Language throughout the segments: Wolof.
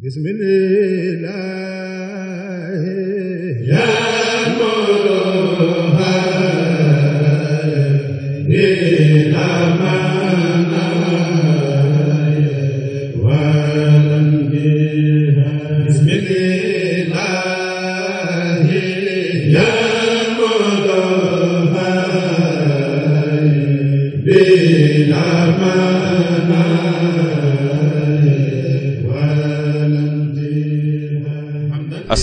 bismillah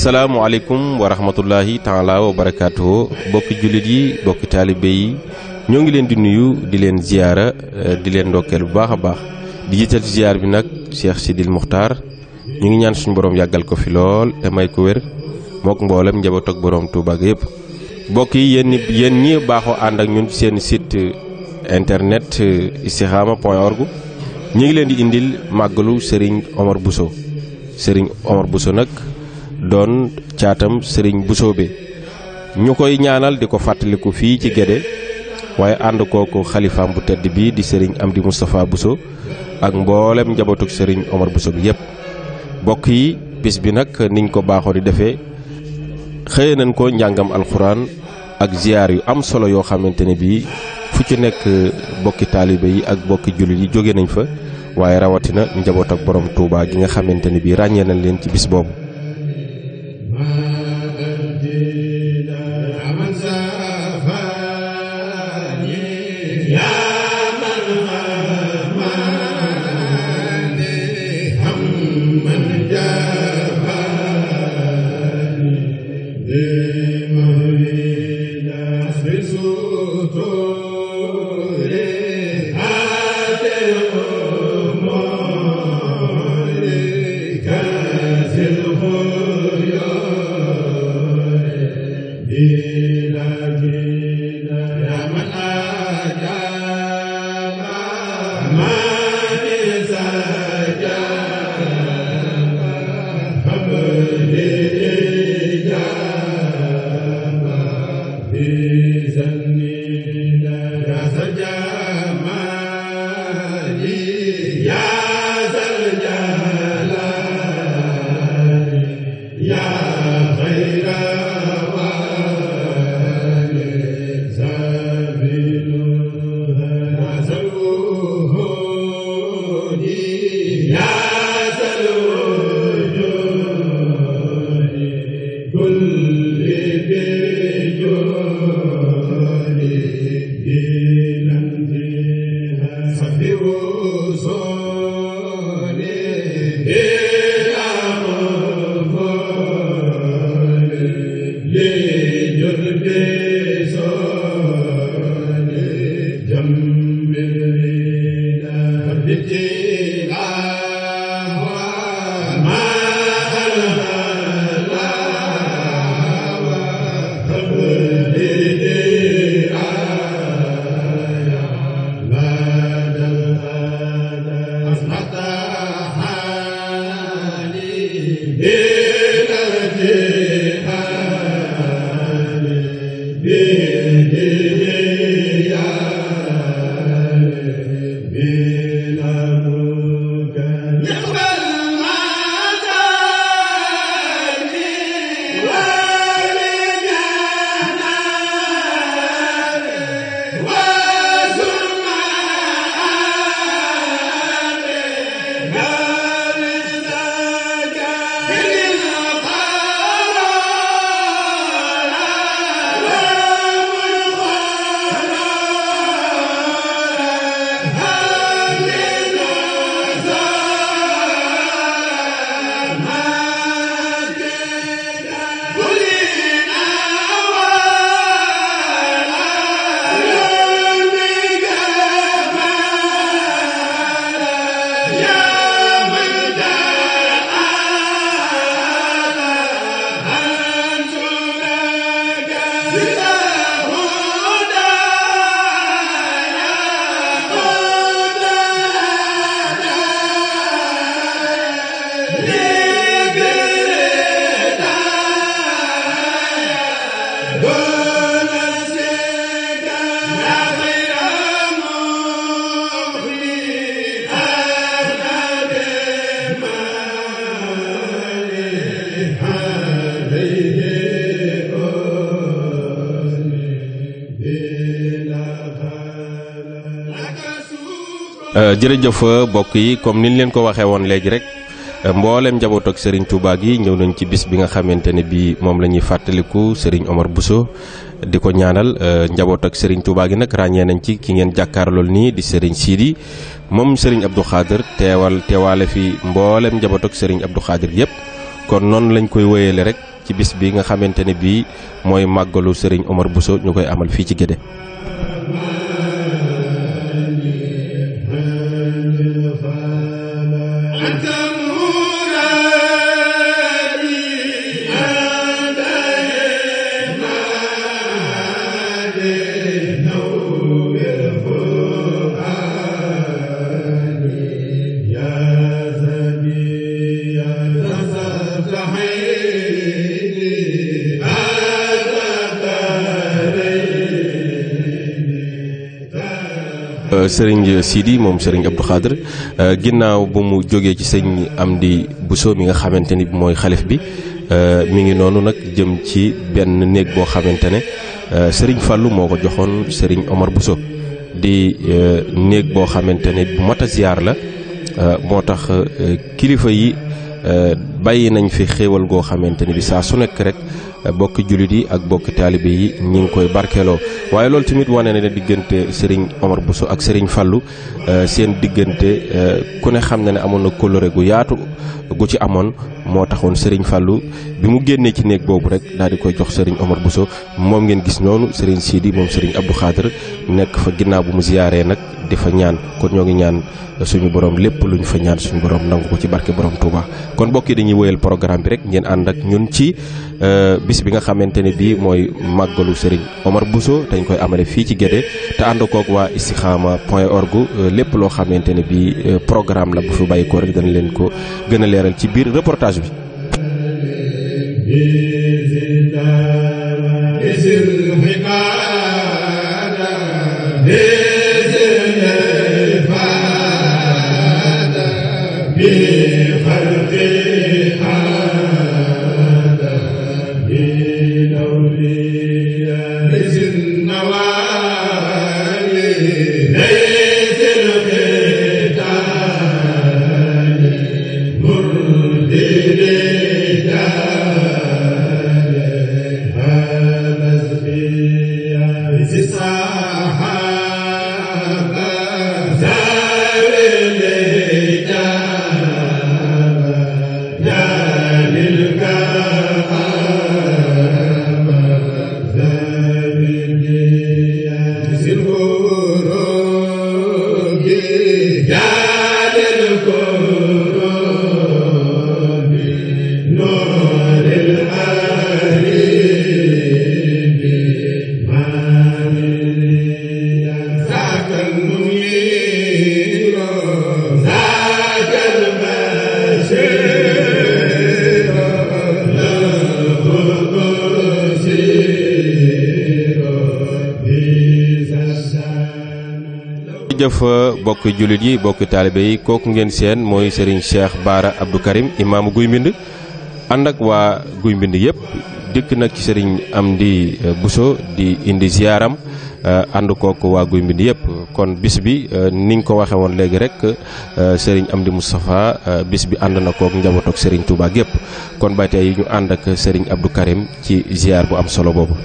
asalaamualeykum wa rahmatullahi taala wa barakaatuhu bokki jullit yi bokki taalibe yi ñoo ngi leen di nuyu di leen ziyaara eh, di leen ndokkeel bu baax a baax di jiital ci ziyaar bi nag Cheikh Sidil Muxtaar ñu ngi ñaan suñu borom yàggal ko fi lool te may ko wér mook mboolem njaboot ak borom Tuuba ga yëpp bokk yi yéen yéen ñi baaxoo ànd ak ñun seen sit eh, internet eh, istikhama point org ñu ngi leen di indil màggalu Serigne Omar Bousso Serigne Omar Bousso nag doon caatam sëriñ Busoobe ñu koy ñaanal di ko fàttaliku fii ci Gédé waaye ànd kooku xalifaam bu tedd bii di sëriñ Amdi Moustapha Bousso ak mboolem njabootug sëriñ Omar Bousso bi yépp bokk yi bis bi nag niñ ko baaxoo di defee xëye nañ ko njàngam alxuraan ak ziyaar yu am solo yoo xamante ne bii fu ci nekk bokki taalibe yi ak bokki jullit yi jóge nañ fa waaye rawatina njaboot ak borom Touba gi nga xamante ne bii ràññee nañ leen ci bis boobu Yeah. Euh, jërëjëf mbokk yi comme niñ leen ko waxee woon léegi rek euh, mboolem njaboot ak Serigne Touba gi ñëw nañ ci bis bi nga xamante ne bii moom la ñuy fàttaliku Serigne Omar Bousso di ko ñaanal euh, njaboot ak Serigne Touba gi nag ràññee nañ ci ki ngeen jàkkaarlool nii di Serigne Sidi moom Serigne Abdou Khadir teewal teewaale fi mboolem njaboot ak Serigne Abdou Khadir yëpp kon noonu lañ koy wéyale rek ci bis bi nga xamante ne bii mooy màggalu Serigne Omar Bousso ñu koy amal fii ci Guédé. sëriñ Sidi moom sëriñ Abdou Khadr euh, ginnaaw bu mu jógee ci sëñ Amdi Bousso mi nga xamante ni mooy xalif bi euh, mi ngi noonu nag jëm ci benn néeg boo xamante ne euh, sëriñ Fallou moo ko joxoon sëriñ Omar Bousso di néeg boo xamante ne bu mat la moo tax kilifa yi bàyyi nañ fi xéewal goo xamante ni bi saa su nekk rek. bokki jullit yi ak bokki taalibe yi ñi ngi koy barkeeloo waaye loolu tamit wane na ne diggante Serigne Omar Bousso ak Serigne Fallou euh, seen diggante euh, ku ne xam na ne amoon na kóllëre gu yaatu gu ci amoon moo taxoon sëriñ Fallou bi mu génnee ci néeg boobu rek daal di koy jox sëriñ Omar Bousso moom ngeen gis noonu Serigne Sidi moom Serigne Abdou Khadir nekk fa ginnaaw bu mu ziyaaree nag di fa ñaan kon ñoo ngi ñaan suñu borom lépp lu ñu fa ñaan suñu borom nangu ko ci barke borom Touba kon bokki dañuy programme bi rek ngeen ànd ak ñun ci euh, bi nga xamante ne bii mooy màggalu Serigne Omar Bousso dañ koy amale fii ci Guédé te ànd koog waa Istikhama point org lépp loo xamante ne bii programme la bu fi bàyyi ko rek dana leen ko gën a leeral ci biir reportage bi. bokk jullit yi bokk taalibe yi kooku ngeen seen mooy Serigne Cheikh Baara abdu Karim imaamu Guy Mbind ànd ak waa Guy Mbind yëpp dikk nag ci am di euh, buso di indi ziaram euh, ànd kook waa Guy Mbind yëpp kon bis bi euh, niñ ko waxe woon léegi rek am di Moustapha bis bi ànd na kook njaboot ak Serigne Touba gépp kon ba tey ñu ànd ak Serigne Abdou Karim ci ziar bu am solo boobu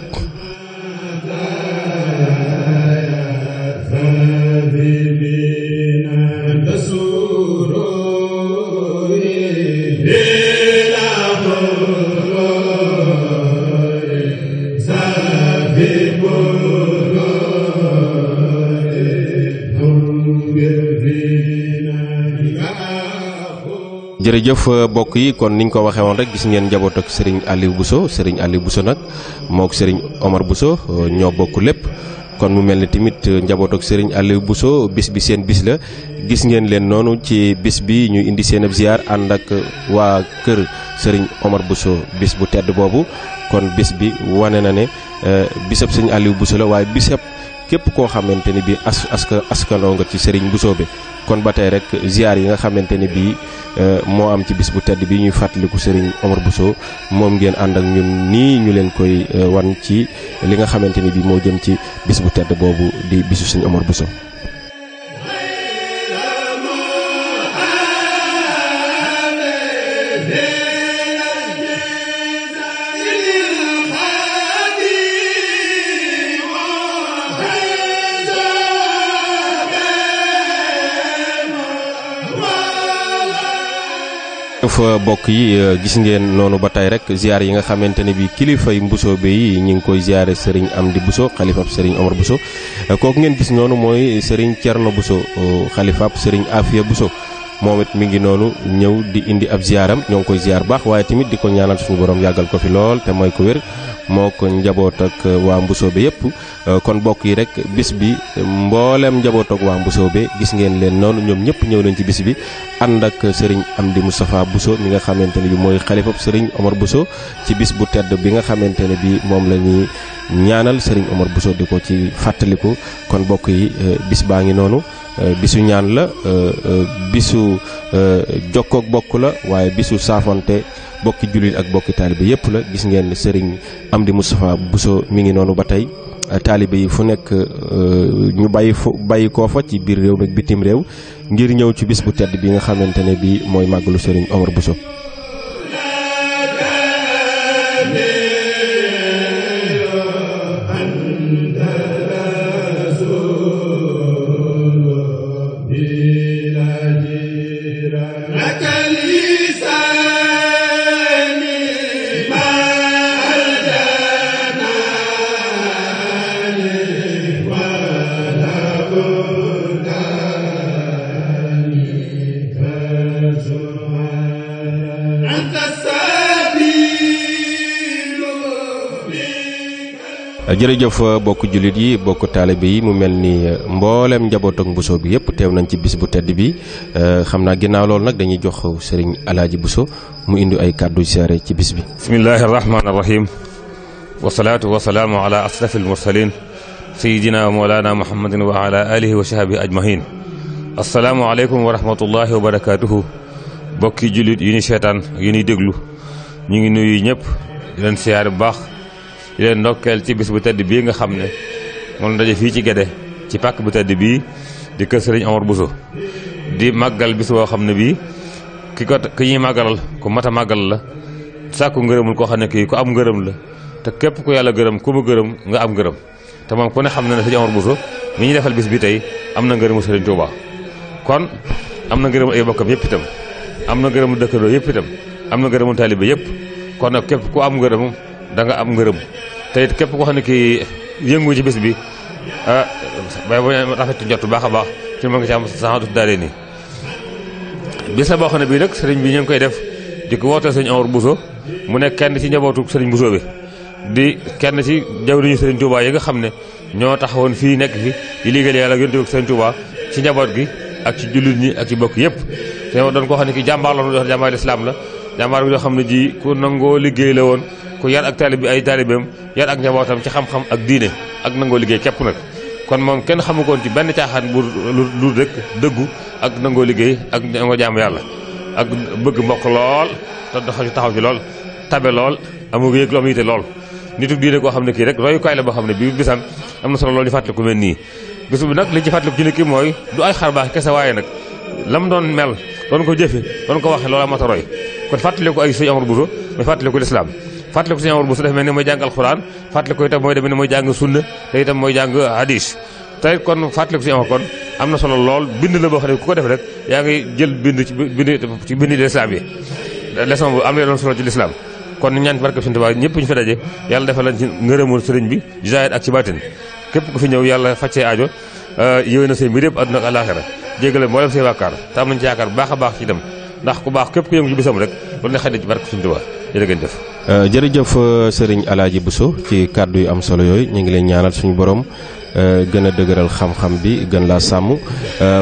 jërëjëf euh, mbokk yi kon niñ ko waxee woon rek gis ngeen njaboot ak Serigne Aliou Bousso Serigne Aliou Bousso nag mook sëriñ Omar Bousso euh, ñoo bokk lépp. kon mu mel ni tamit euh, njaboot ak Serigne Aliou Bousso bis bi seen bis la gis ngeen leen noonu ci bis bi ñu indi seen ab ziar ànd ak waa kër sëriñ Omar Bousso bis bu tedd boobu kon bis bi wane na ne bisab Serigne Aliou Bousso la waaye bisab. képp koo xamante ni bii as askanoo nga ci Serigne Bousso bi kon ba tey rek ziar yi nga xamante ni bii euh, moo am ci bis bu tedd bi ñuy fàttaliku Serigne Omar Bousso moom ngeen ànd ak ñun nii ñu leen koy euh, wan ci li nga xamante ni bii moo jëm ci bis bu tedd boobu di bisu Serigne Omar Bousso. jërëjëf mbokk yi gis ngeen noonu ba tey rek ziar yi nga xamante ne bi kilifay Mbusoobe yi ñu ngi koy ziare sëriñ Amdi Buso xalifab sëriñ Omar Buso kooku ngeen gis noonu mooy sëriñ Cerno xalifa xalifab sëriñ Afia Buso moom it mi ngi noonu ñëw di indi ab ziaram ñoo ngi koy ziar baax waaye tamit di ko ñaanal suñu borom yàggal ko fi lool te mooy ko wér moo ko njaboot ak uh, waa bi yëpp uh, kon bokk yi rek bis bi mbooleem njaboot ak waa Mbusoobe gis ngeen leen noonu ñoom ñëpp ñëw nañ ci bis bi ànd ak Serigne Amdi Moustapha Bousso mi nga xamante ne bi mooy xalifab Serigne Omar Bousso ci bis bu tedd bi nga xamante ne bi moom la ñuy ñaanal Serigne Omar Bousso di ko ci fàttaliku kon bokk yi uh, bis baa ngi noonu bisu ñaan la bisu jokkoog bokk la waaye bisu saafonte bokki jullit ak bokki taalibe yépp la gis ngeen sëriñ Amdi Moustapha Bousso mi ngi noonu ba tey taalibe yi fu nekk euh, ñu bàyyi fa bàyyi koo fa ci biir réew mi bitim réew ngir ñëw ci bis bu tedd bi nga xamante ne bi mooy màggalu sëriñ Omar Bousso jërëjëf euh, bokk jullit yi bokk taalibe yi mu mel ni euh, mboolem njaboot ak Bousso bi yëpp teew nañ ci bis bu tedd bi euh, xam naa ginnaaw loolu nag dañuy jox sëriñ alaaji Bousso mu indi ay kàddu siyaare ci bis bi bismillahi rahmaani rahim wasalaatu wasalaamu ala asrafi almursalin sayidina wa moolana muhammadin wa ala alihi wa sahbi ajmahin asalaamu aleykum wa rahmatullahi wa barakatuhu bokki jullit yu ñu seetaan yu nuy déglu ñu ngi nuyu ñëpp di leen siyaare bu baax di leen ndokkeel ci bis bu tedd bii nga xam ne moom daje fii ci Gédé ci pàkk bu tedd bii di kër Serigne Omar Bousso di màggal bis boo xam ne bii ki ko ki ñuy màggalal ku mat a màggal la sàkku ngërëmul ko xam ne kii ku am ngërëm la te képp ku yàlla gërëm ku mu gërëm nga am ngërëm te moom ku ne xam na ne Serigne Omar Bousso mi ñu defal bis bi tey am na ngërëmu Serigne Touba kon am na ngërëmul ay bokkam yëpp itam am na ngërëmul dëkkandoo yëpp itam am na ngërëmul taalibe yëpp kon nag képp da nga am ngërëm te it képp koo xam ne kii yëngu ci bis bi ah bay boo rafet njot bu baax a baax ti mën ngi ci am saxantu daale nii bis la boo xam ne bii nag sëriñ bi ñu ngi koy def di ko wooteel sëriñ Omar Bousso mu nekk kenn ci njabootu sëriñ Bousso bi di kenn ci jawriñu sëriñ Touba yi nga xam ne ñoo taxawoon fii nekk fi di liggéeyal yàlla yonent bi sëriñ Touba ci njaboot gi ak ci jullit ñi ak ci bokk yëpp te doon koo xam ne ki jàmbaar la doon jàmbaar lislaam la jàmbaar bi nga xam ne ji ku nangoo liggéey la woon ku yar ak taalib bi ay taalibeem yar ak njabootam ci xam-xam ak diine ak nangoo liggéey képp nag kon moom kenn xamu koon ci benn caaxaan bu lu rek dëggu ak nangoo liggéey ak nangoo jaamu yàlla ak bëgg mbokk lool te taxaw ci taxaw ci lool tabe lool amu yëg lu am yite lool nitu diine koo xam ne kii rek royukaay la boo xam ne bii bisam am na solo loolu di fàttali ku mel nii bis bi nag li ci fàttaliku ki mooy du ay xarbaax kese waaye nag lam doon mel doon ko jëfe doon ko waxe loola mat a roy kon fàttali ko ay sëñ Amar Bousso mais fàttali ko lislaam fàttali ko sëñ Amar Bousso dafa mel ni mooy jàng alxuraan fàttali ko itam mooy demee ne mooy jàng sunna te itam mooy jàng hadis te kon fàttali ko sëñ Amar kon am na solo lool bind la boo xam ne ku ko def rek yaa ngi jël bind ci bind ci bind lislaam yi leçon bu am na solo ci lislaam kon ñaan ci barke suñu Tuubaa ñëpp ñu fi daje yàlla defal lañ ci ngërëmul sëriñ bi jaayit ak ci baatin képp fi ñëw yàlla fàccee aajo euh, yéwé na seen mbir yëpp àdduna ak àllaaxira jégale moo say bàkkaar te am ci yaakaar bu baax a baax ci dem ndax ku baax képp ku yëngu ci bisam rek loolu ne xëy na ci barke suñu waa jërë ngeen jëf euh, jërëjëf euh, sëriñ Alaaji Bousso ci kàddu yu am solo yooyu ñu ngi leen ñaanal suñu borom euh, gën a dëgëral xam-xam bi gën laa sàmm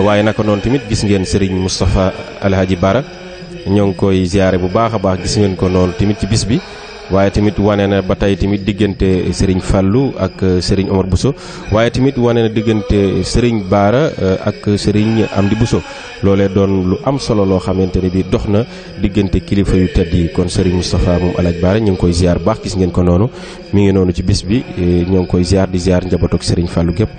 waaye naka noonu tamit gis ngeen sëriñ Moustapha Alaaji Bara ñoo ngi koy ziyaare bu baax a baax gis ngeen ko noonu tamit ci bis bi waaye tamit wane na ba tey tamit diggante Serigne Fallou ak euh, Serigne Omar buso waaye tamit wane na diggante Serigne Baara euh, ak Serigne di Bousso loolee doon lu am solo loo xamante ne bi dox na diggante kilifa yu tedd yi kon Serigne Moustapha moom Alaaji Baara ñu ngi koy ziar baax gis ngeen ko noonu mi ngi noonu ci bis bi euh, ñoo ngi koy ziar di ziar njaboot ak Serigne Fallou gépp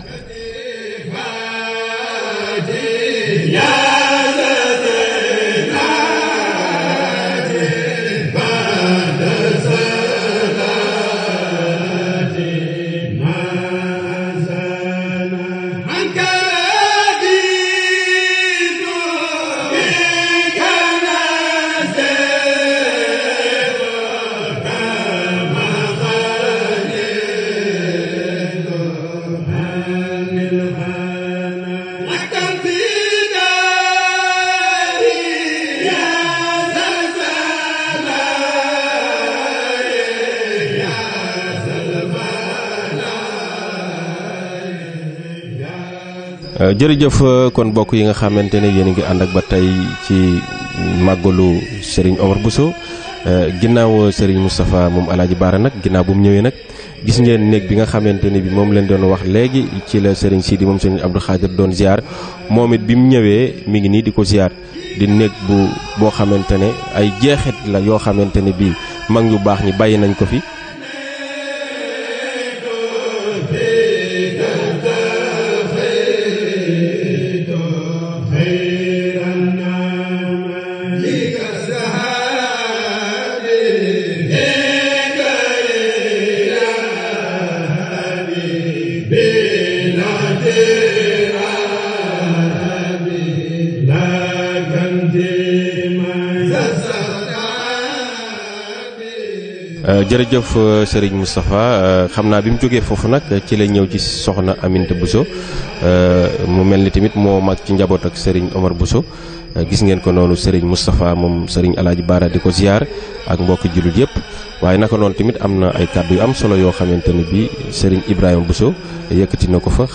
jërëjëf euh, kon bokk yi nga xamante ne yéen a ngi ànd ak ba tey ci màggalu Serigne Omar Bousso euh, ginnaaw Serigne Moustapha moom Alaaji Baara nag ginnaaw bu mu ñëwee nag gis ngeen néeg bi nga xamante ne bi moom leen doon wax léegi ci la Serigne Sidi moom Serigne Abdou Khadir doon ziar moom it bi mu ñëwee mi ngi nii di ko ziar di néeg bu boo xamante ne ay jeexit la yoo xamante ne bi mag ñu baax ñi bàyyi nañ ko fi. Euh, jërëjëf euh, Serigne Moustapha euh, xam naa bi mu jógee foofu nag ci la ñëw ci soxna Aminta Bousso mu mel ni tamit moo mag ci njaboot ak Serigne Omar Bousso gis ngeen ko noonu Serigne Moustapha moom Serigne Alaaji Baara di ko ziar ak mbokki jullit yëpp waaye naka noonu tamit am na ay kàddu yu am solo yoo xamante ne bi Serigne Ibrahima Bousso yëkkati na ko fa.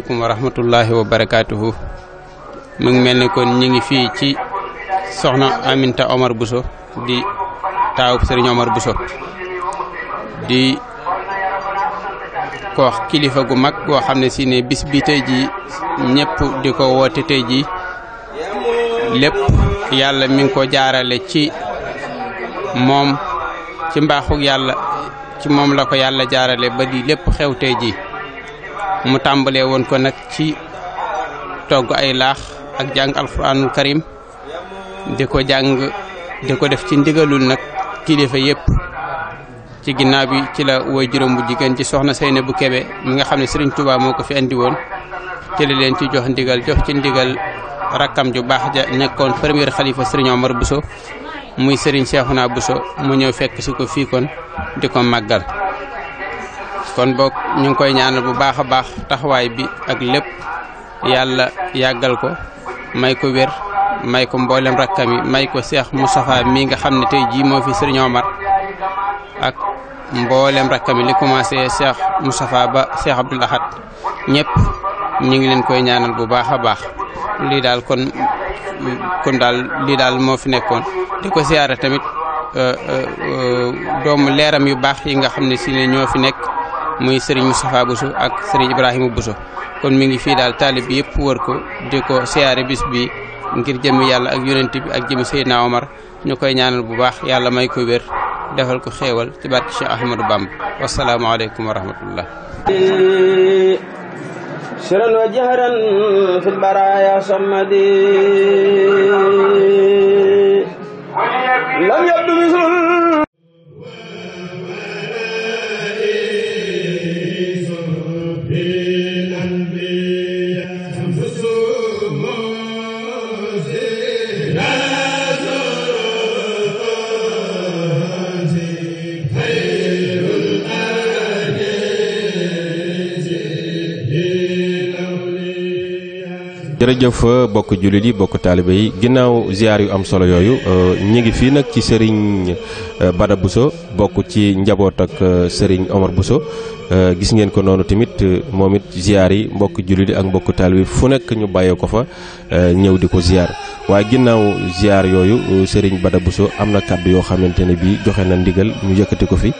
aleykum wa rahmatullahi wa barakaatuhu mu ngi mel ni kon ñi ngi fii ci soxna Aminta Omar Bousso di taawub sëriñ Omar Bousso di ko kilifa gu mag goo xam ne si ne bis bi tey ji ñëpp di ko woote tey lépp yàlla mi ngi ko jaarale ci moom ci mbaaxu yàlla ci moom la ko yàlla jaarale ba di lépp xew mu tàmbalee woon ko nag ci togg ay laax ak jàng alxuraanul karim di ko jàng di ko def ci ndigalul nag kilifa yépp ci ginnaaw bi ci la woy juróom bu jigéen ci soxna Seyna bu Kebe mi nga xam ne Serigne Touba moo ko fi andi woon ci leen ci jox ndigal jox ci ndigal rakkam ju baax ja nekkoon premier xalifa Serigne Omar buso muy Serigne Cheikhouna Bousso mu ñëw fekk si ko fii kon di ko màggal. kon boog ñu ngi koy ñaanal bu baax a baax taxawaay bi ak lépp yàlla yàggal ko may ko wér may ko mboolem rakkam yi may ko Cheikh Moustapha mii nga xam ne tey jii moo fi Serigne Omar ak mboolem rakkam yi li commencé Cheikh Moustapha ba Cheikh Abdoul Ahad ñépp ñu ngi leen koy ñaanal bu baax a baax lii daal kon kon daal lii daal moo fi nekkoon di ko siyaare tamit euh, euh, euh, doomu leeram yu baax yi nga xam ne si ñoo fi nekk. muy sëriñ Moustapha Bousso ak sëriñ Ibrahima Bousso kon mi ngi fii daal taalib bi yëpp wër ko di ko siyaare bi ngir jëmi yàlla ak yonent bi ak jëmi Seydina Omar ñu koy ñaanal bu baax yàlla may ko wér defal ko xéewal ci barke Cheikh Ahmadou Bamba wasalaamaaleykum wa jërëjëf bokk jullit yi bokk taalibe yi ginnaaw ziar yu am solo yooyu euh, ñi ngi fii nag ci sëriñ euh, Bada Bousso bokk ci njaboot ak euh, sëriñ Omar Bousso gis ngeen ko noonu tamit moom it ziar yi mbokk jullit yi ak mbokk taalibe yi fu nekk ñu bàyyee ko fa ñëw di ko ziar waaye ginnaaw ziar yooyu sëriñ Bada Bousso am na kàddu yoo xamante ne bii joxe na ndigal ñu yëkkati ko fi.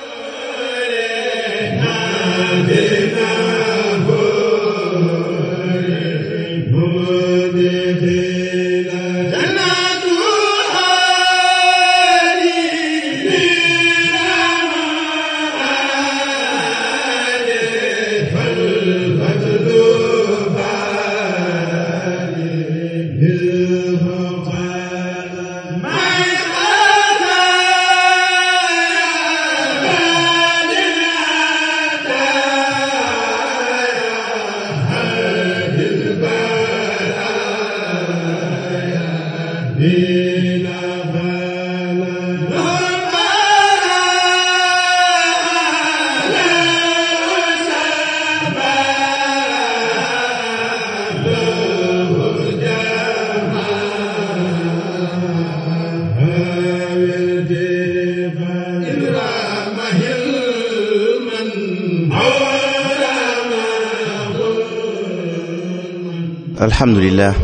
alhamdulilah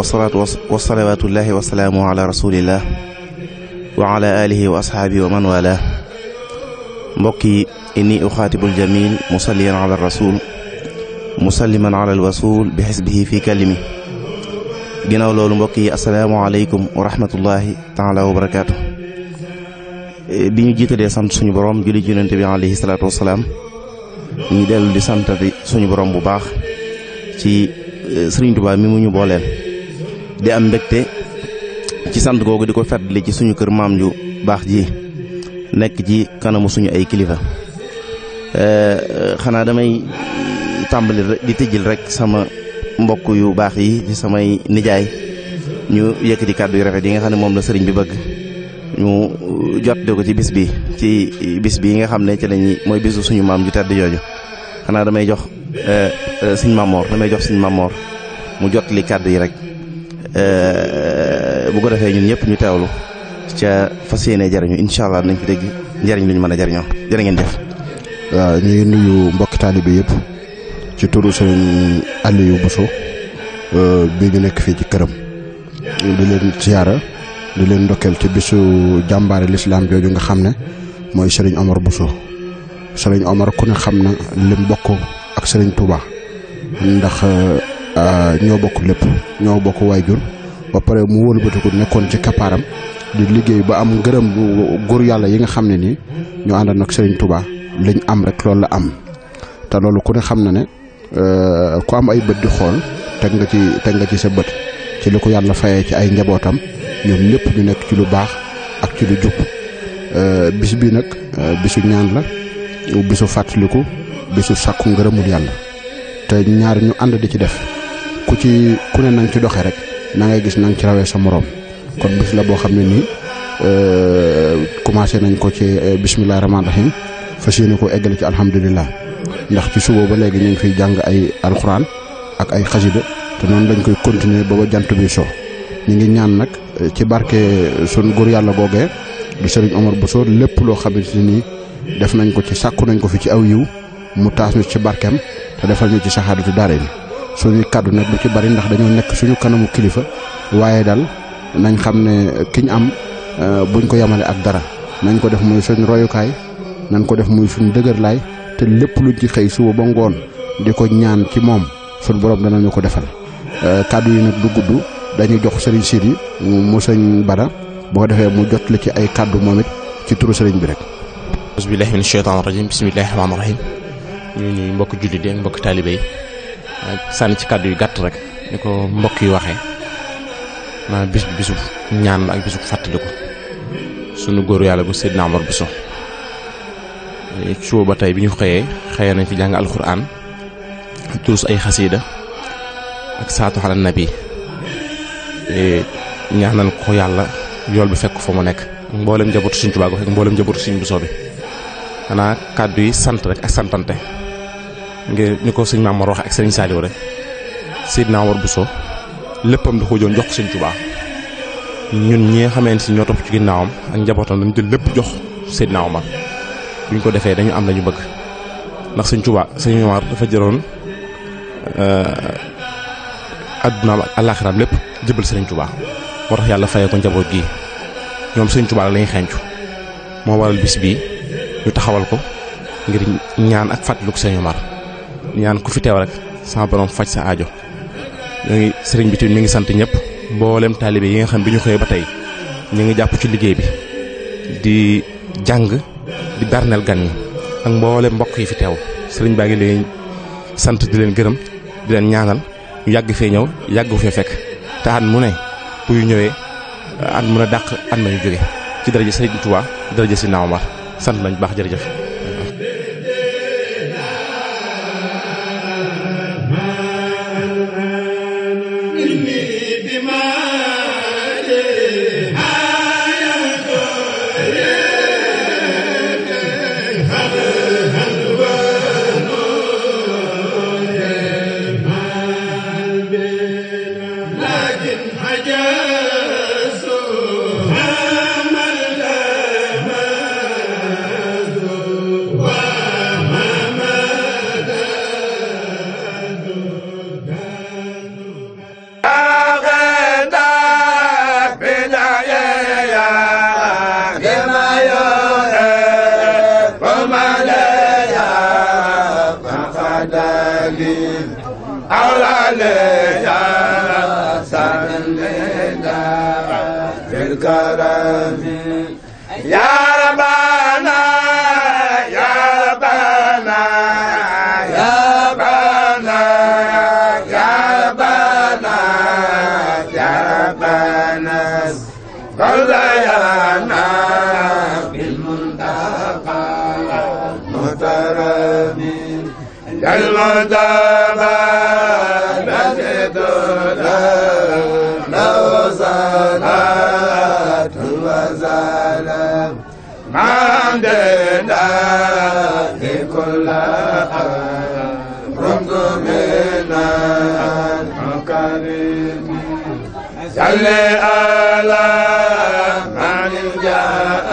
wasalaatu wasalawaatullahi wasalaamu ala rasulillah wa ala alihi wa ashaabi wa man wala mbokk yi inni uxaatibul jamil musalliyan ala rasul musalliman ala alwasul bi xisbihi fi kalimi ginnaaw loolu mbokk yi asalaamaaleykum wa rahmatullahi taala wa barakaatu bi ñu jiitalee sant suñu borom julli ci yonente bi alayhi salaatu wasalaam ñu dellu di santati suñu borom bu baax ci eh, Sëriñ Tuubaa mi mu ñu booleel di am mbégte ci sant kooku di ko fàttali ci suñu kër maam ju baax ji nekk ci kanamu suñu ay kilifa eh, eh, xanaa damay tàmbali di tëjil rek sama mbokk yu baax yi ci samay nijaay ñu yëkkati kàddu yu rafet yi nga xam ne moom la sëriñ bi bëgg ñu jotte ko ci bis bi ci bis bi nga xam ne ci lañuy mooy bisu suñu maam ju tedd jooju xanaa damay jox eh, suñ mamoor damay jox suñ mamoor mu jot li kàddu yi rek Eh, bu ko defee ñun ñëpp ñu teewlu ca fas yéene jariñu incha allah nañ fi dégg njariñ luñ mën a jariñoo jërë ngeen def. waaw ñu ngi nuyu mbokki taalibe yëpp ci turu sëriñ Aliou Bousso euh, bi ñu nekk fii ci këram du leen siyaara di leen ndokkeel ci bisu jàmbaare lislaam jooju nga xam ne mooy sëriñ Omar Bousso sëriñ Omar ku ne xam na lim bokk ak sëriñ Touba ndax. Euh, Euh, ñoo bokk lépp ñoo bokk waajur ba pare mu wëlbatiku nekkoon ci kappaaram di liggéey ba am ngërëm góor yàlla yi nga xam ne nii ñu àndoon ak Serigne Touba liñ am rek loolu la am te loolu ku ne xam na ne euh, ku am ay bët di xool teg nga ci teg nga ci sa bët ci li ko yàlla fayee ci ay njabootam ñoom ñëpp ñu nekk ci lu baax ak ci lu jub euh, bis bi nag bisu ñaan la bisu fàttaliku bisu sàkku ngërëmul yàlla te ñaar ñu ànd di ci def. ku ci ku ne na ci doxee rek na ngay gis na ci rawee sa moroom kon bis la boo xam ne nii euh, commencé nañ ko ci euh, bisimilah rahmaani rahim fas yéene ko eggale ci alhamdulilah ndax ci suba ba léegi ñu ngi fiy jàng ay alxuraan ak ay xasida te noonu lañ koy continuer ba ba jant bi so ñu ngi ñaan nag euh, ci barke sun góor yàlla googee du sëriñ Omar soo lépp loo xamante ni def nañ ko ci sàkku nañ ko fi ci aw yiw mu taas ñu ci barkeem te defal ñu ci saxaadatu daara yi suñuy kàddu nag du ci bari ndax dañoo nekk suñu kanamu kilifa waaye daal nañ xam ne ki ñu am euh, buñ ko yemale ak dara nañ ko def muy suñ royukaay nañ ko def muy suñ dëgërlaay te lépp luñ ci xëy suba ba ngoon di ko ñaan ci moom suñ borom ñu ko defal euh, kàddu yi nag du gudd dañuy jox sëriñ siit yi mu sëñ bara boo defee mu jot la ci ay kàddu moom it ci turu sëriñ bi rek bismillahi min shaytaan rajim bismillahi rahmaan rahim ñu ñuy mbokk julli dee mbokk taalibe sànni ci kàddu yu gàtt rek ni ko mbokk yi waxee naa bis bisu ñaan la ak bisu fàttaliku sunu góoru yàlla bu naa Omar Bousso suba ba tey bi ñu xëyee xëyee nañ fi jàng alxuraan tuus ay xasiida ak saatu xala nabi e, ñaanal ko yàlla yool bi fekk fa mu nekk mboolem njabootu Sëriñ Tuubaa ko fekk njabootu Sëriñ Bousso bi xanaa kàddu yi sant rek ak santante ngir ni ko sëñ Mamour wax ak sëriñ Saliou rek Seydina Omar Bousso léppam da ko joon jox ko sëñ Touba ñun ñi nga xamante si ñoo topp ci ginnaawam ak njabootam dañu jël lépp jox Seydina Omar bu ñu ko defee dañu am lañu bëgg ndax sëñ Touba sëñ dafa jëloon addunaam euh, ak àllaaxiraam lépp jëbal sëriñ Touba moo tax yàlla fayee njaboot gi ñoom sëñ Touba la ñuy moo waral bis bii ñu taxawal ko ngir ñaan ak fàttaliku sëñ Omar ñaan ku fi teew rek sama borom faj sa ajo ñu sëriñ bi tamit mi ngi sant ñëpp mboolem taalibe yi nga xam bi ñu xëyee ba tey ñu ngi jàpp ci liggéey bi di jàng di berneel gan ñi ak mboolem mbokk yi fi teew sëriñ baa ngi leen sant di leen gërëm di leen ñaanal ñu yàgg fee ñëw yàgg fee fekk te at mu ne bu ñu ñëwee at mu ne dàq at ma jóge ci daraja sëriñ Tuubaa daraja si naawam war sant lañ baax jërëjëf صلي على من جاء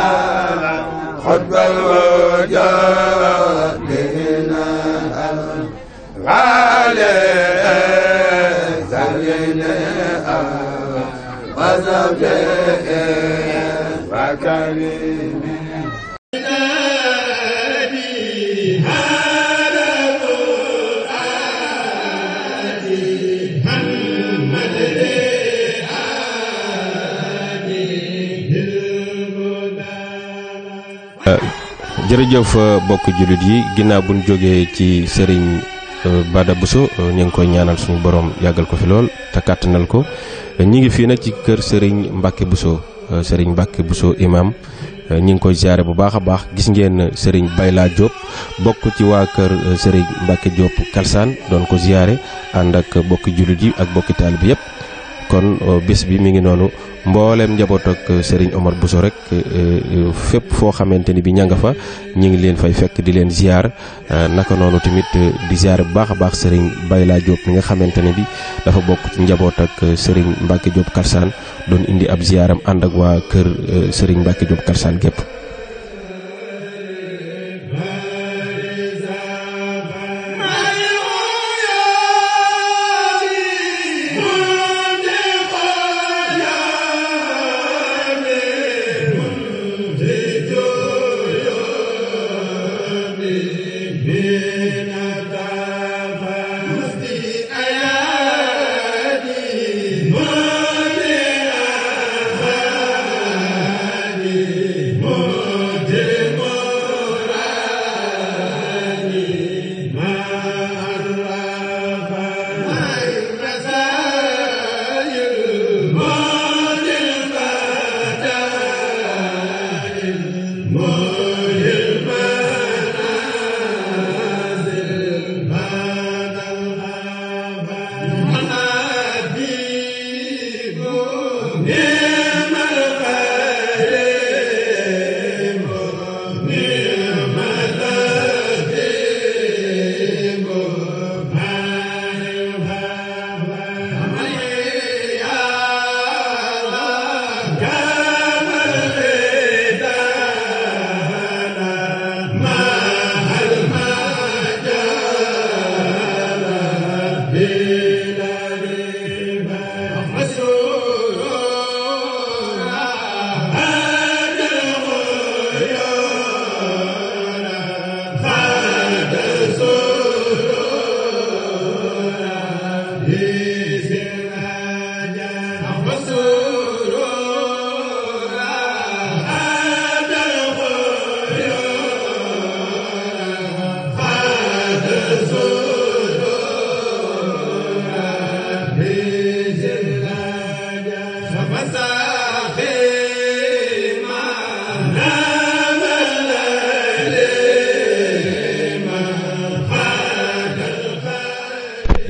خطب الوجود بنا الغالي زلنا وزوجي وكريمي jërëjëf euh, bokk jullit yi ginnaaw bu ñu jógee ci sëriñ euh, Bada Bousso euh, ñu ngi koy ñaanal suñu borom yàggal ko fi lool te kàttanal ko ñi ngi fii nag ci kër sëriñ Mbacke Bousso sëriñ Mbacke Bousso imam ñi ngi koy ziare bu baax a baax gis ngeen sëriñ Bayla Diop bokk ci waa kër sëriñ Mbacke Diop Kalsaan doon ko ziare ànd ak bokki jullit yi ak bokki taalibe yépp kon euh, bés bi mi ngi noonu mbooleem njaboot ak euh, Serigne Omar Bousso rek euh, fépp foo xamante ni bi ña nga fa ñu ngi leen fay fekk di leen ziar naka noonu tamit di ziar bu baax a baax Serigne laa Diop mi nga xamante ne bi dafa bokk ci njaboot ak Serigne Mbacke Diop Karsane doon indi ab ziaram ànd ak waa kër Serigne Mbacke Diop Karsane gépp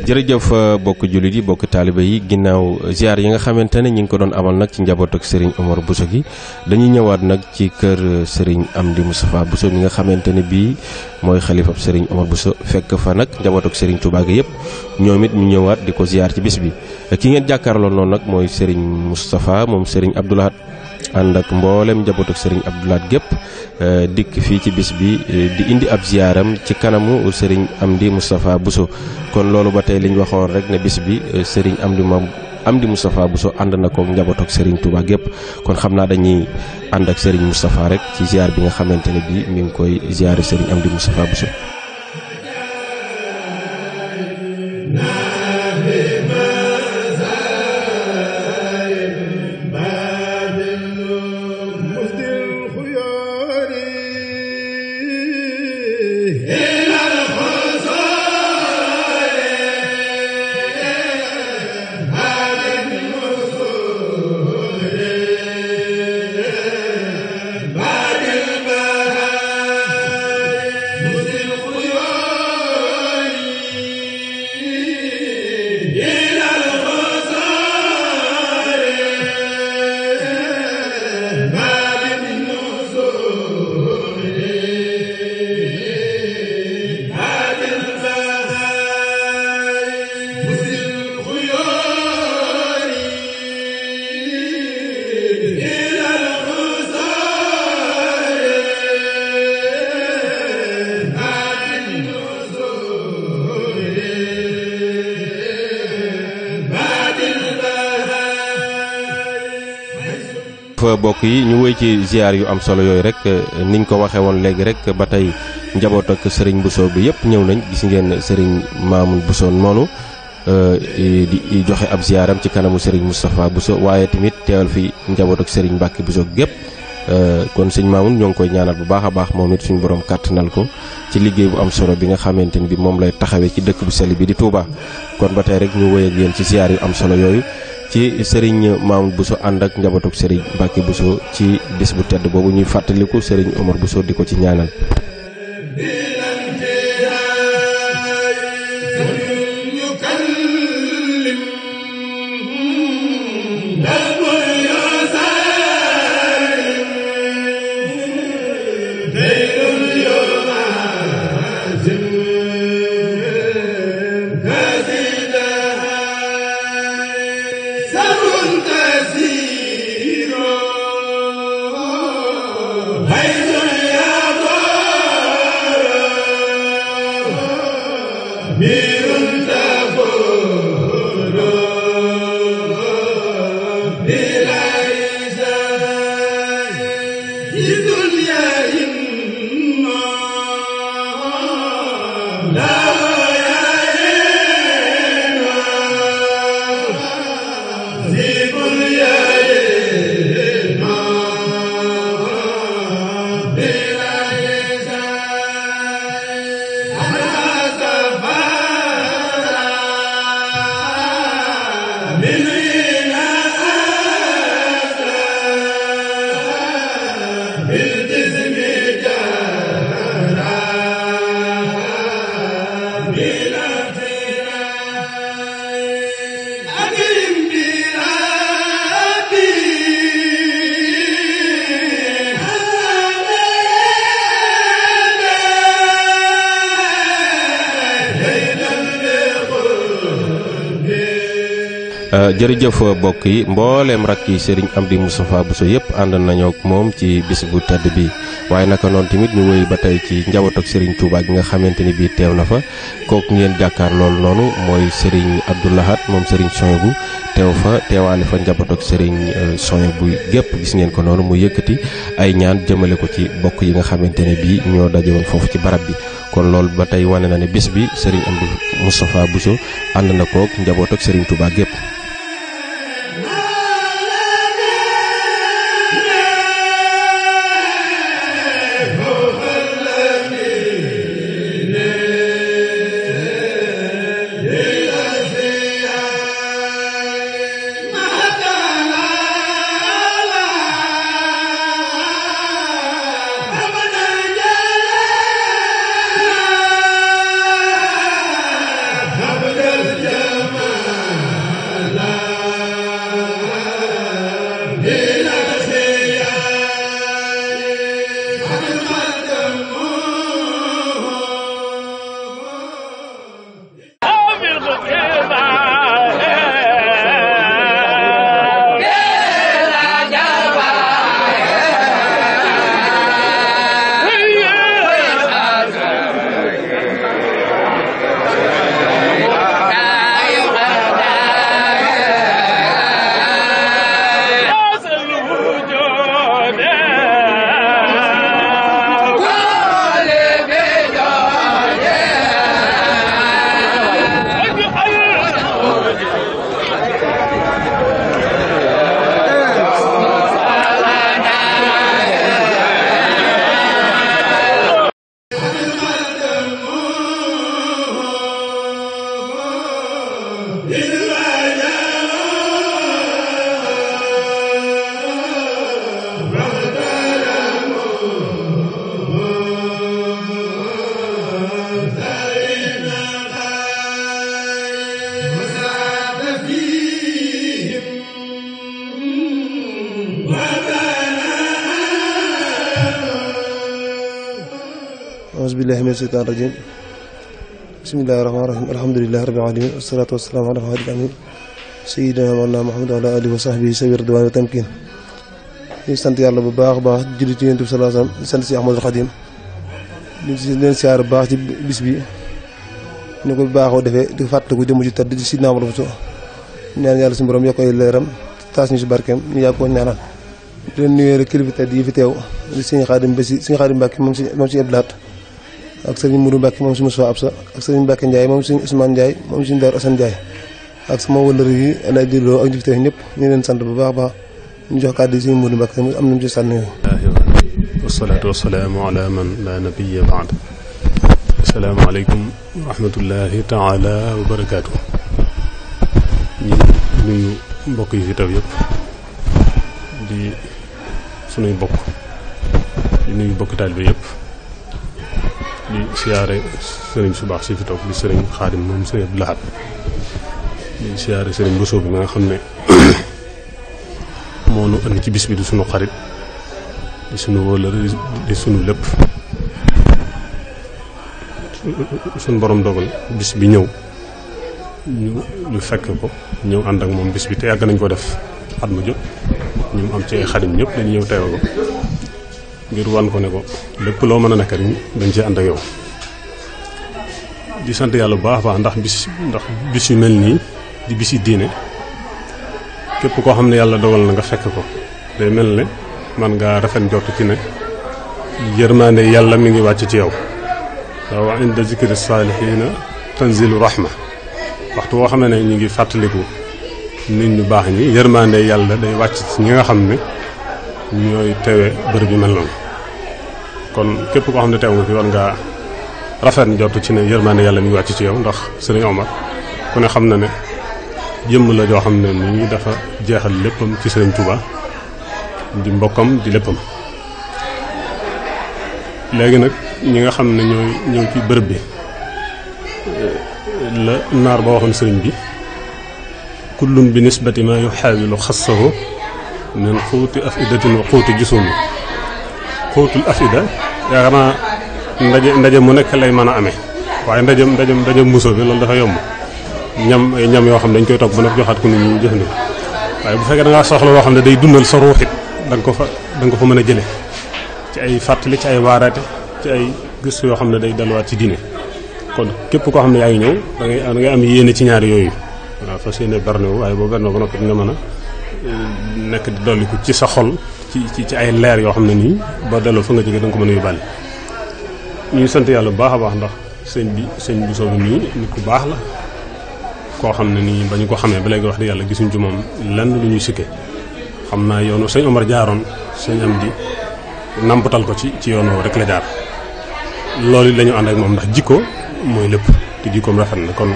jërëjëf euh, bokk jullit yi bokk taaliba yi ginnaaw euh, ziar yi nga xamante ne ñi ngi ko doon amal nag ci njaboot ak Serigne Omar Bousso gi dañuy ñëwaat nag ci kër euh, Serigne Amdi Moustapha Bousso mi nga xamante ne bii mooy xalifab Serigne Omar Bousso fekk fa nag njaboot ak Serigne Touba gi yëpp ñoom it ñu ñëwaat di ko ziar ci bis bi ki ngeen jàkkaarloo noonu nag mooy Serigne Moustapha moom Serigne Abdoulahat ànd ak mboolem njabootu sëriñ Abdou Lahad gépp eh, dikk fii ci bis bi eh, di indi ab ziaram ci kanamu sëriñ Amdi Moustapha Bousso kon loolu ba tey li ñu waxoon rek ne bis bi eh, sëriñ Amdi moom Amdi Moustapha Bousso ànd na ko njaboot ak sëriñ Touba gépp kon xam naa dañuy ànd ak sëriñ Moustapha rek ci ziar bi nga xamante ne bii mi ngi koy ziare sëriñ Amdi Moustapha Bousso. jërëjëf bokk yi ñu wéy ci ziar yu am solo yooyu rek eh, niñ ko waxee woon léegi rek ba tey njaboot ak sëriñ Bousso bi yëpp ñëw nañ gis ngeen sëriñ Mamoun Bousso noonu eh, di joxe ab ziaram ci kanamu sëriñ Moustapha Bousso waaye tamit teewal fi njaboot ak sëriñ Mbacke Bousso gépp eh, kon sëñ Mamoun ñoo ngi koy ñaanal bu baax a baax moom it suñu borom kàttanal ko ci liggéey bu am solo bi nga xamante ni bi moom lay taxawee ci dëkk bu sell bi di tuubaa kon ba tey rek ñu wéy ak ci ziar yu am solo yooyu. ci sëriñ bu su ànd ak njabootuk sëriñ bu Bousso ci bis bu tedd boobu ñuy fàttaliku sëriñ Omar Bousso di ko ci ñaanal jërëjëf mbokk yi mbooleem rakk yi Serigne Amdi Moustapha Bousso yëpp ànd nañoo moom ci bis bu tedd bi waaye naka noonu tamit ñu wéy ba tey ci njaboot ak Serigne Touba nga xamante ni bii teew na fa kooku ngeen jàkkaar loolu mooy Serigne Abdou Lahad moom Serigne Soyobou teew fa teewaale fa njaboot ak Serigne euh, Soyobou gépp gis ngeen ko noonu mu yëkkati ay ñaan jëmale ko ci bokk yi nga xamante ne bii ñoo daje woon foofu ci barab bi kon loolu ba tey wane na ne bis bi Serigne Amdi Moustapha Bousso ànd na koog njaboot ak Serigne Touba gépp sheytaan rajim bismillahi rahmaani rahim alhamdulilahi rabbil alamin wasalaatu wasalaamu ala xaadil amin sayidina mawlana muhammad wa wa sahbihi sant yàlla bu baax baax julli ci yonent bi salaa salaam di bu baax ci bis bi ni ko defee di fàttaliku jëmm ji tedd si naamar bu so ñaan yàlla suñu borom yokkoy leeram taas si barkeem ñu yàgg ko ñaanal di leen nuyee kilifa tedd yi fi teew di sëñ xaadim ba si sëñ xaadim mbàkke moom si moom si abdulaat ak sëriñ Mourou Mbacke moom si Moussa Absa ak sëriñ Mbacke Ndiaye moom suñu Ousmane Ndiaye moom suñu Daaru Assane Ndiaye ak sama wëllër yi El Hadj Diallo ak jubiteef ñëpp ñu leen sant bu baax baax ñu jox kàddu yi sëriñ Mourou Mbacke am nañu ci sànni yooyu wasalaatu wasalaamu ala man la nabiya baad asalaamaaleykum wa rahmatullahi taala wa barakaatu ñu nuyu mbokk yi fi taw yëpp di sunuy bokk di nuyu bokk taalibe yëpp di siyaare sëriñ su si fi toog di sëriñ xaadim moom sëriñ Abdou Lahad di siyaare sëriñ Bousso bi ma nga xam ne moo nu andi ci bis bi di sunu xarit di sunu wóolare di sunu lépp sunu borom dogal bis bi ñëw ñu fekk ko ñëw ànd ak moom bis bi te yàgg nañ ko def at mu jot ñu am ci ay xarit ñëpp dañu ñëw teew ko ngir wan ko ne ko lépp loo mën a nekk dañ ci ànd ak yow di sant yàlla bu baax baax ndax bis ndax bis yu mel nii di bis yu diine képp koo xam ne yàlla dogal na nga fekk ko day mel ne man ngaa rafet njort ci ne yërmaande yàlla mi ngi wàcc ci yow waaw wa inda zikri saalihiina tanzilu rahma waxtu woo xam ne ñu ngi fàttaliku nit ñu baax ñi yërmaande yàlla day wàcc ci ñi nga xam ne ñooy teewe bërëb yu mel noonu kon képp koo xam ne teew nga fi war ngaa rafet njort ci ne yërmaane yàlla mi ngi wàcc ci yow ndax sëriñ Omar ku ne xam na ne jëmm la joo xam ne nii dafa jeexal léppam ci sëriñ Touba di mbokkam di léppam léegi nag ñi nga xam ne ñooy ñëw ci bërëb bi eh, la naar ba waxoon sëriñ bi kullun bi nisbati ma yuxaawilu xassahu min xuuti afidatin wa xuuti jusumi xuutul afida yaakaar naa ndaje ndaje mu nekk lay mën a amee waaye ndaje ndaje ndaje mbuso bi loolu dafa yomb ñam ñam yoo xam ne dañ koy togg ba nag joxaat ko nit ñi jëfandikoo waaye bu fekkee da soxla loo xam ne day dundal sa ruuxit da nga ko fa da ko fa mën a jële ci ay fàttali ci ay waaraate ci ay gis yoo xam ne day delluwaat ci diine kon képp koo xam ne yaa ngi ñëw da ngay am yéene ci ñaari yooyu waaw fas yéene berne wu waaye boo berne ba noppi nga mën a nekk di dolliku ci sa xol ci ci ci ay leer yoo xam ne nii ba delloo fa nga jógee da nga ko mën a yóbbaale ñuy sant yàlla bu baax a baax ndax sëñ bi sëñ bu soobu nii nit ku baax la koo xam ne nii ba ñu ko xam xamee ba léegi wax dëgg yàlla gisuñ ci moom lenn lu ñuy sikke xam naa yoonu sëñ Omar jaaroon sëñ am di nampatal ko ci ci yoon yoonu rek la jaar loolu it la ànd ak moom ndax jikko mooy lépp te jikkoom rafet na kon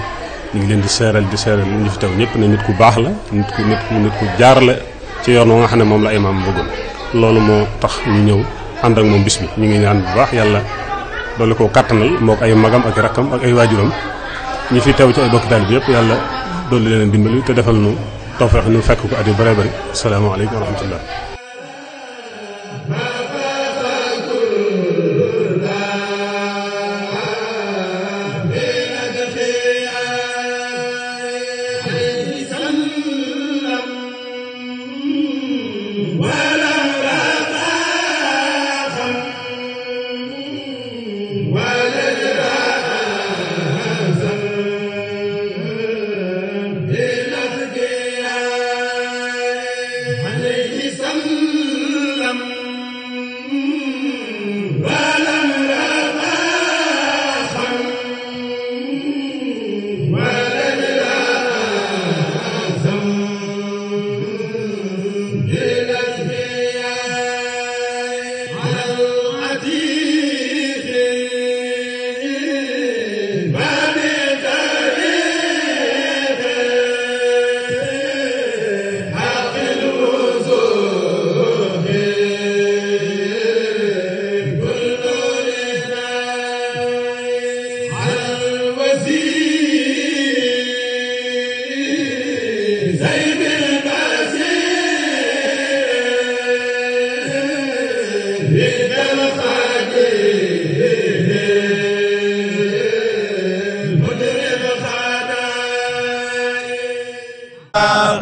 ñu ngi leen di seeral di seeral li ñu fi teew ñëpp ne nit ku baax la nit ku nit ku nit ku jaar la ci yoon wa nga xam ne moom la imaam bëggoon loolu moo tax ñu ñëw ànd ak moom bis bi ñu ngi naan bu baax yàlla doole ko kàttanal moo ay magam ak rakkam ak ay waajuram ñu fi teew ci ay bokki bi yëpp yàlla doolu leen dimbali te defal nu tawfeex ñu fekk ko at yu bëree bëri asalaamaaleykum wa rahmatullah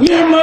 ñi ma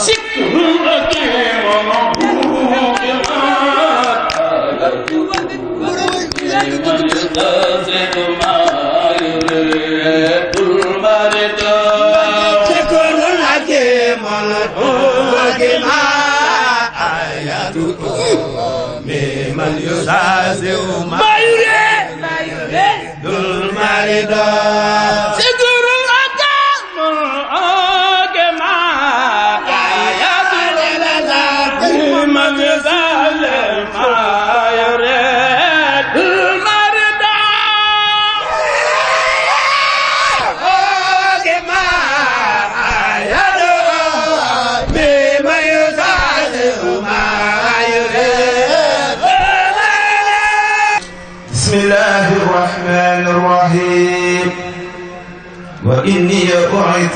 Six من يساسع ما يريد دل ما يريد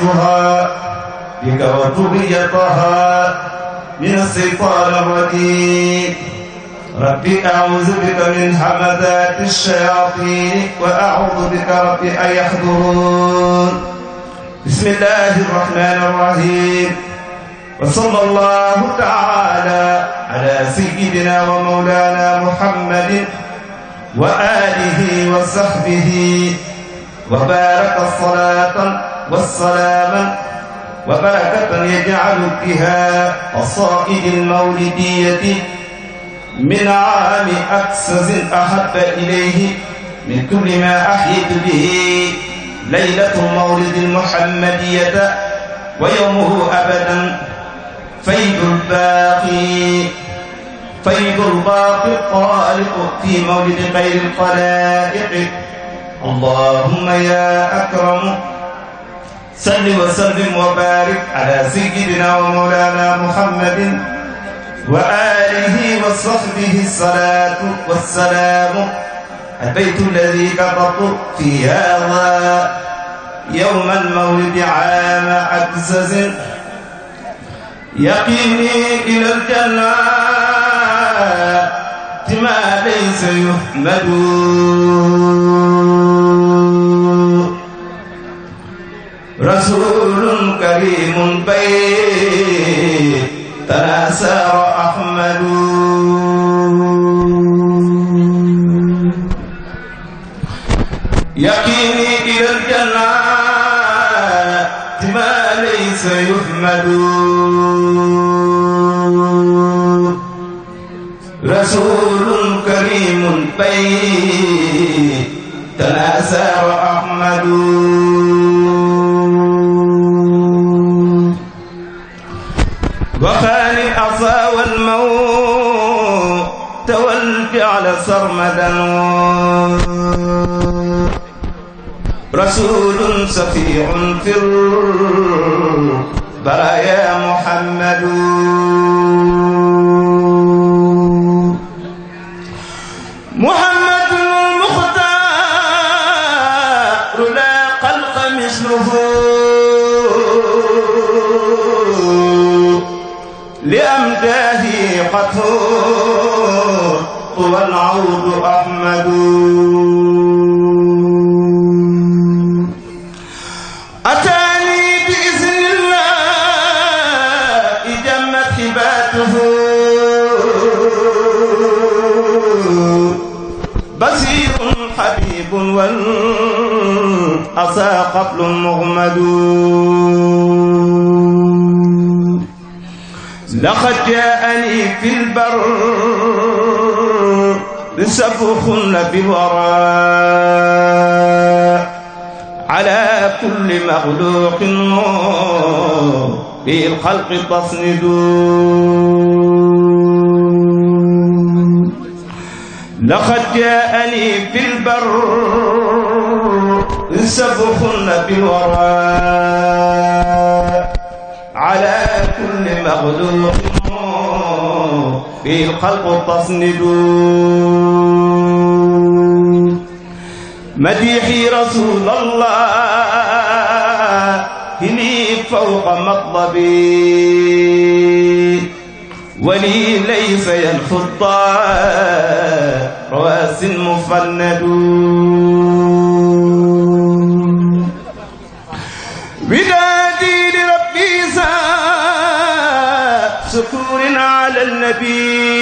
نسيتها بك وذريتها من الشيطان الرجيم رب أعوذ بك من همذات الشياطين وأعوذ بك رب أن يحضرون بسم الله الرحمن الرحيم وصلى الله تعالى على سيدنا ومولانا محمد وآله وصحبه وبارك الصلاة والسلام وبركة يجعل بها قصائد المولدية من عام أكسس أحب إليه من كل ما أحيت به ليلة مولد المحمدية ويومه أبدا فيد الباقي فيد الباقي الطارق في مولد خير الخلائق اللهم يا أكرم صل وسلم وبارك على سيدنا ومولانا محمد وآله وصحبه الصلاة والسلام البيت الذي كبرت في هذا يوم المولد عام عكسز يقيني إلى الجنة ما ليس يحمد رسول كريم بين تناسى سرمدا رسول سفيع في البرايا محمد محمد المختار لا خلق مثله لأمداه قطور والعود أحمد أتاني بإذن الله جمت هباته بصير حبيب والأسى قبل مغمد لقد جاءني في البر سفخ بالوراء على كل مخلوق في الخلق تسند لقد جاءني في البر سفخ بالوراء على كل مخلوق به الخلق تسندوا مديحي رسول الله لي فوق مطلبي ولي ليس ينفو رواس مفند ودا وشكور على النبي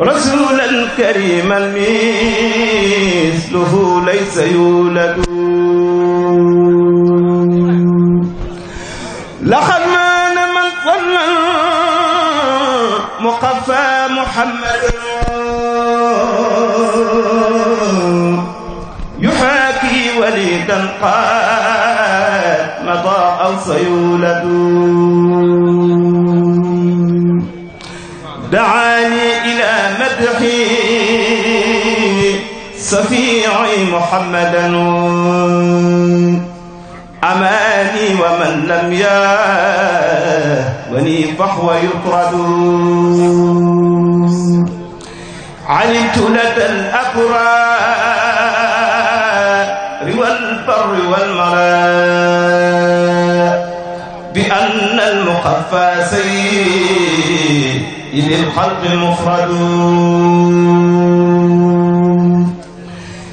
رسولا كريما مثله ليس يولد لقد مان من صلى مقفى محمد يحاكي وليدا قال سيولدون دعاني إلى مدحي سفيعي محمدا أماني ومن لم يهوني فهو يطرد علمت لدى الأبرار قفى سيد الخلق المفرد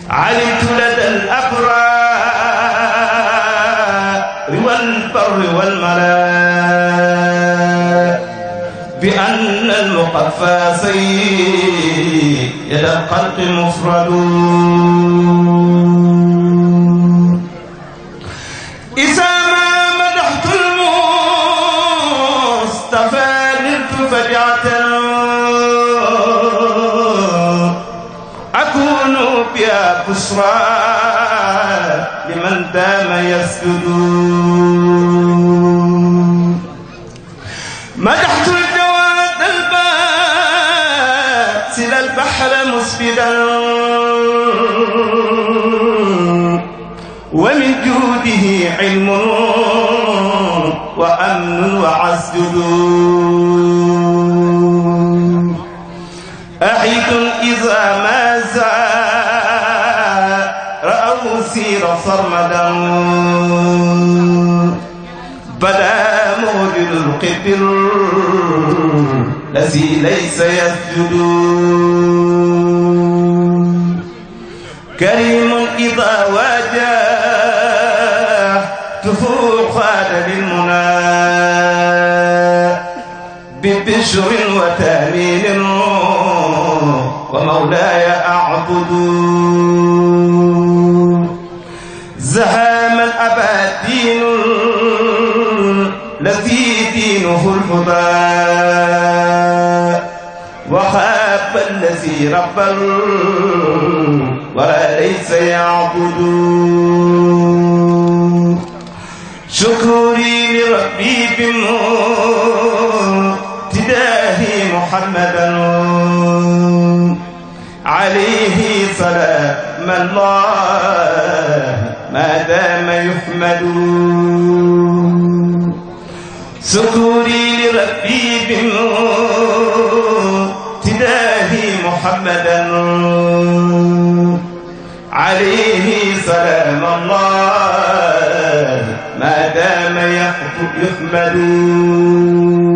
علمت لدى الأبرار والبر والملاء بأن المقفى سيد الخلق المفرد البشرى لمن دام يسجد مدحت الجواد الباسل البحر مسبدا ومن جوده علم وأمن وعسجد صرمدا بدا مغبل القبر الذي ليس يسجد كريم إذا واجه تفوق خاد للمنى ببشر وتأمين ومولاي أعبدون دينه المباء وخاب الذي ربا وليس يعبد شكري لربي بمقتداه محمدا عليه سلام الله ما دام يحمد سكوري لربي بامتداه محمدا عليه سلام الله ما دام يحمد